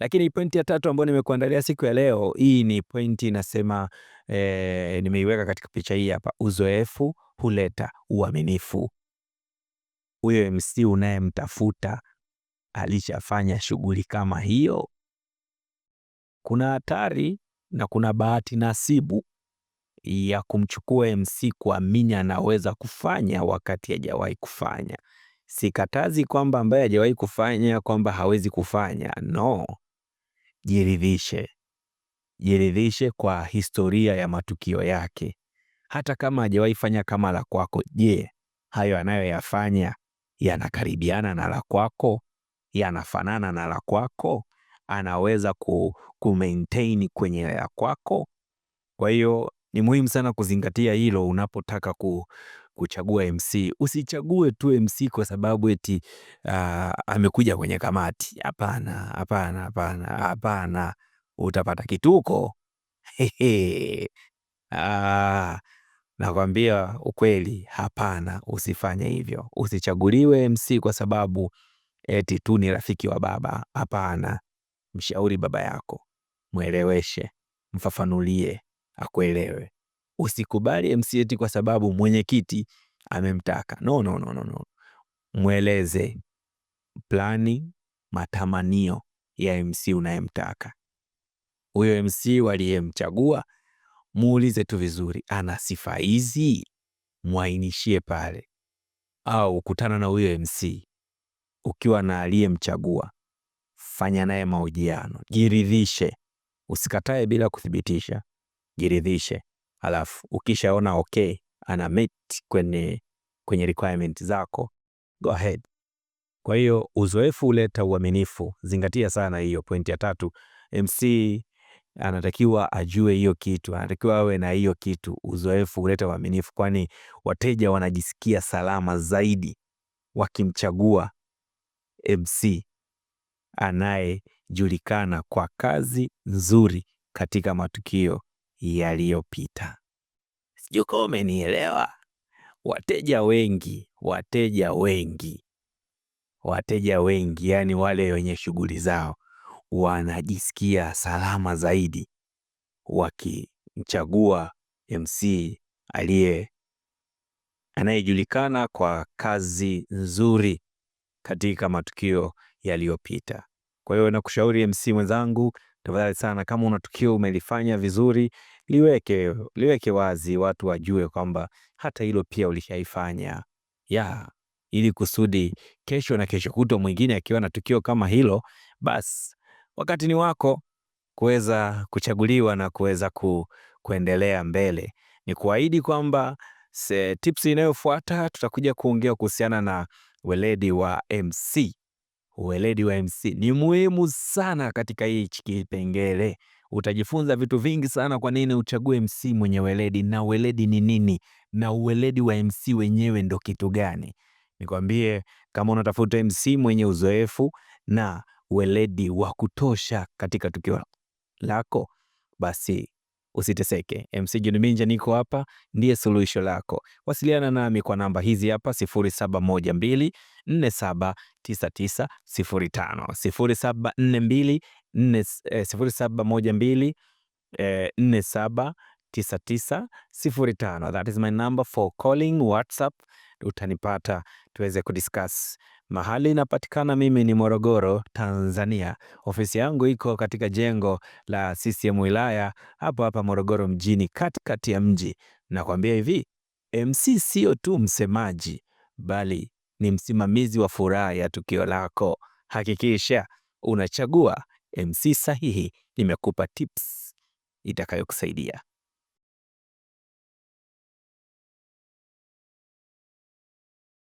Lakini pointi ya tatu ambayo nimekuandalia siku ya leo, hii ni pointi inasema eh, nimeiweka katika picha hii hapa, uzoefu huleta uaminifu. Huyo MC unayemtafuta alishafanya shughuli kama hiyo? Kuna hatari na kuna bahati nasibu ya kumchukua MC kuamini anaweza kufanya wakati hajawahi kufanya. Sikatazi kwamba ambaye hajawahi kufanya kwamba hawezi kufanya, no, jiridhishe, jiridhishe kwa historia ya matukio yake. Hata kama hajawahi fanya kama la kwako, je, hayo anayoyafanya yanakaribiana na la kwako? Yanafanana na la kwako? Anaweza ku, ku maintain kwenye la kwako? Kwa hiyo ni muhimu sana kuzingatia hilo unapotaka ku kuchagua MC. Usichague tu MC kwa sababu eti uh, amekuja kwenye kamati. Hapana, hapana, hapana, hapana, utapata kituko. Ah, nakwambia ukweli, hapana, usifanye hivyo. Usichaguliwe MC kwa sababu eti tu ni rafiki wa baba. Hapana, mshauri baba yako, mweleweshe, mfafanulie akuelewe. Usikubali MC eti kwa sababu mwenyekiti amemtaka. No, no, no, no, no. Mweleze plani, matamanio ya MC unayemtaka huyo MC waliyemchagua, muulize tu vizuri, ana sifa hizi, mwainishie pale. Au kutana na huyo MC ukiwa na aliyemchagua, fanya naye mahojiano, jiridhishe. Usikatae bila kuthibitisha, jiridhishe alafu ukishaona okay, ana meet kwenye, kwenye requirement zako go ahead. Kwa hiyo uzoefu huleta uaminifu. Zingatia sana hiyo pointi ya tatu. MC anatakiwa ajue hiyo kitu, anatakiwa awe na hiyo kitu. Uzoefu huleta uaminifu, kwani wateja wanajisikia salama zaidi wakimchagua MC anayejulikana kwa kazi nzuri katika matukio yaliyopita. Sijui kama umenielewa. Wateja wengi, wateja wengi, wateja wengi, yani wale wenye shughuli zao wanajisikia salama zaidi wakimchagua MC aliye anayejulikana kwa kazi nzuri katika matukio yaliyopita. Kwa hiyo nakushauri MC mwenzangu, tafadhali sana, kama una tukio umelifanya vizuri, liweke liweke wazi, watu wajue kwamba hata hilo pia ulishaifanya yeah, ili kusudi kesho na kesho kutwa mwingine akiwa na tukio kama hilo, basi wakati ni wako kuweza kuchaguliwa na kuweza ku, kuendelea mbele. Ni kuahidi kwamba tips inayofuata tutakuja kuongea kuhusiana na weledi wa MC. Uweledi wa MC ni muhimu sana katika hichi kipengele. Utajifunza vitu vingi sana, kwa nini uchague MC mwenye weledi na weledi ni nini, na uweledi wa MC wenyewe ndo kitu gani. Nikwambie, kama unatafuta MC mwenye uzoefu na weledi wa kutosha katika tukio lako, basi Usiteseke, MC John Minja niko hapa, ndiye suluhisho lako. Wasiliana nami kwa namba hizi hapa 0712 479905, 0742 0712 479905. That is my number for calling WhatsApp, utanipata tuweze kudiscuss. Mahali inapatikana mimi ni Morogoro, Tanzania. Ofisi yangu iko katika jengo la CCM wilaya hapo hapa Morogoro mjini, katikati ya mji. Nakwambia hivi, MC sio tu msemaji, bali ni msimamizi wa furaha ya tukio lako. Hakikisha unachagua MC sahihi. Nimekupa tips itakayokusaidia.